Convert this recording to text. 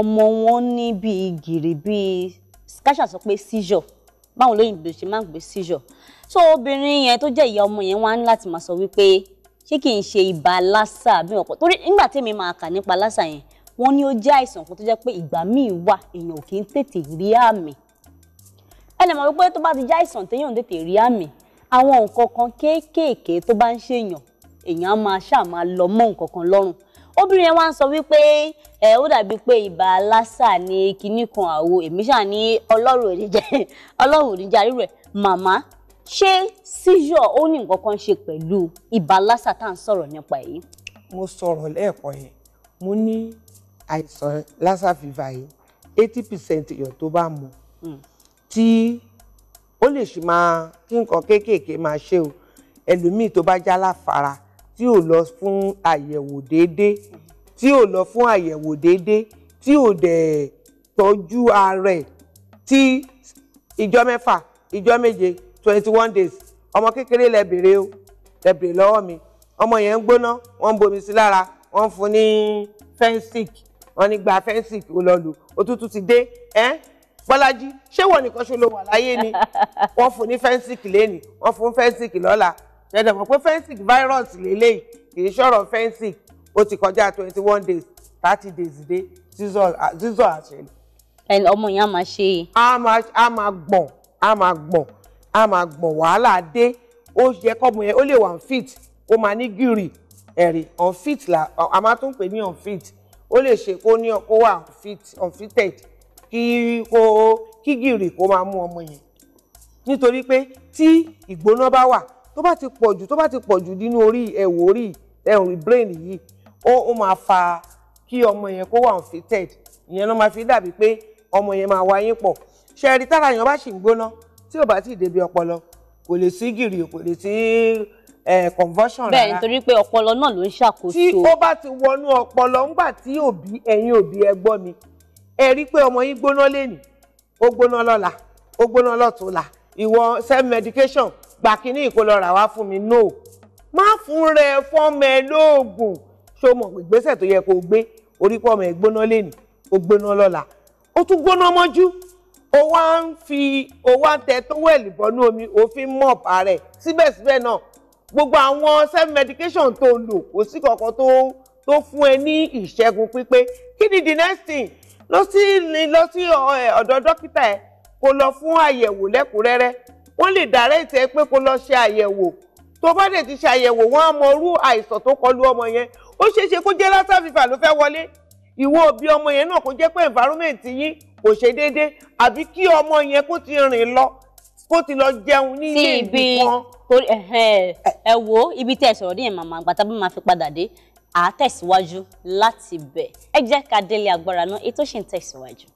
ọmọ wọn ní bíi gìrì bíi káṣà sọ pé seizure báwọn olóyìnbó ṣe máa ń pè seizure so obìnrin yẹn tó jẹ́ ìyá ọmọ yẹn wá ní láti máa sọ wípé ṣé kì í ṣe ibà lásà bí wọn kọ torí nígbà tí èmi máa kà nípa lásà yẹn wọ́n ní ó jẹ́ àìsàn kan tó jẹ́ pé ìgbà míì wà èèyàn ò kì í tètè rí àmì ẹnì mọ̀ wípé tó bá ti jẹ́ àìsàn téèyàn ò tètè rí àmì àwọn nǹkan kan kéékèèké tó bá ń ṣèyàn èèyàn á máa ṣáà máa lọ mọ́ nǹkan kan lọ́rùn obìnrin yẹn wá ń sọ wípé ẹ ó dàbí pé ibà lásà ni kinní kan àwo èmi ṣà ní ọlọ́run òdìjẹ́ ọlọ́run òdìjẹ́ àrírò ẹ̀ màmá ṣé seizure ó ní nǹkan kan ṣe pẹ̀lú ibà lásà tá à ń sọ̀rọ̀ nípa èyí. mo sọ̀rọ̀ lẹ́ẹ̀kan yẹn mo ní àìsàn lásà fìfà yìí eighty percent èèyàn tó bá mu hmm. tí ó lè ṣì máa kí nǹkan kéékèèké máa ṣe o ẹlòmíì tó bá já láfara tí ò lọ fún àyẹ̀wò déédé tí ò lọ fún àyẹ̀wò déédé tí ò dẹ̀ tọ́jú ara ẹ̀ tí ìjọ mẹ́fà ìjọ méje twenty one days ọmọ kékeré lẹ bèrè o lẹ lọ́wọ́ mi ọmọ yẹn ń gbóná wọ́n ń bomi sí lára wọ́n ń fún ní fẹ́ǹsìk wọ́n ní gba fẹ́ǹsìk ó lọ lò òtútù ti dé ẹ́ Bọ́lájí ṣé wọ́n nìkan ṣe ló wà láyé ni wọ́n fún ní fẹ́ǹsìk lẹ́nìí wọ́n fún fẹ́ǹsìk lọ́la ṣẹ̀dẹ̀ mọ̀ pé fensic virus lélẹ́yìí kì í ṣọ̀rọ̀ fensic ó ti kọjá twenty one days thirty days dé zizọ àṣẹlẹ̀. Ah, ẹni ọmọ yẹn á máa ṣe. a máa gbọ̀n a máa gbọ̀n a máa gbọ̀n wàhálà dé ó yẹ kọ́mọ yẹn ó lè wà fit ó máa ní gìrì ẹ̀rì unfit la a máa tún pè ní unfit ó lè ṣe kó ní kó wà unfit unfitted kí kó kí gìrì kó máa mú ọmọ yẹn nítorí pé tí ìgbóná bá wà tó bá ti pọ̀ jù tó bá ti pọ̀ jù nínú orí ẹ̀wò orí ẹ̀rùn brain yìí ó ó máa fa kí ọmọ yẹn kó wà unfitted ìyẹn ló máa fi dàbí pé ọmọ yẹn máa wá yín pọ̀ ṣe ẹ̀rí tára yẹn bá sì ń gbóná tí ò bá ti débi ọpọlọ kò lè sí gìrì kò lè sí conversion rárá. bẹ́ẹ̀ nítorí pé ọpọlọ náà ló ń ṣàkóso. tí ó bá ti wọnú ọpọlọ ńgbà tí òbí ẹ̀yin òbí ẹ gbọ́ mi ẹ rí i pé ọmọ yín gbóná lénìí ó gbóná lọ́la ó gbóná lọ́túnla ìwọ self medication gbà kínní ìkólọ́ra wá fún mi no má fún rẹ fọ́mọ ẹ lóògùn ṣó mọ̀ ìgbésẹ̀ tó yẹ kó gbé orí pọ́mọ ẹ gbóná lẹ́nu ó gbóná lọ́la ó tún gbóná mọ́jú ó wá ń fi ó wá ń tẹ tówẹ́ẹ̀lì bọ́nú omi òfin mop ààrẹ síbẹ̀síbẹ̀ náà gbogbo àwọn self medication tó lò kò sí kankan tó tó fún ẹ ní ìṣẹ́gun pípé kí ni the next thing lọ sí lọ sí ọ̀dọ̀ dókítà ẹ kó lọ fún àyẹ̀wò lẹ́kùnrẹ́rẹ́ wọ́n lè direct ẹ pé kó lọ ṣe àyẹ̀wò tó bá dẹ̀ ti ṣe àyẹ̀wò wọ́n á mọ irú àìsàn tó kọlu ọmọ yẹn ó ṣeé ṣe kó jẹ́ lassa fever ló fẹ́ wọlé ìwọ òbí ọmọ yẹn náà kó jẹ́ pé environment yín kò ṣe déédéé àbí kí ọmọ yẹn kó ti rìn lọ kó ti lọ jẹun ní ilé ìbí kan. ẹ wo ibi tẹ́ ẹ sọ̀rọ̀ díẹ̀ màmá àgbà tábí máa fi padà dé àá tẹ̀síwájú láti bẹ̀ ẹ jẹ́ ká délé agbára náà ètò ṣì ń tẹ̀síwájú.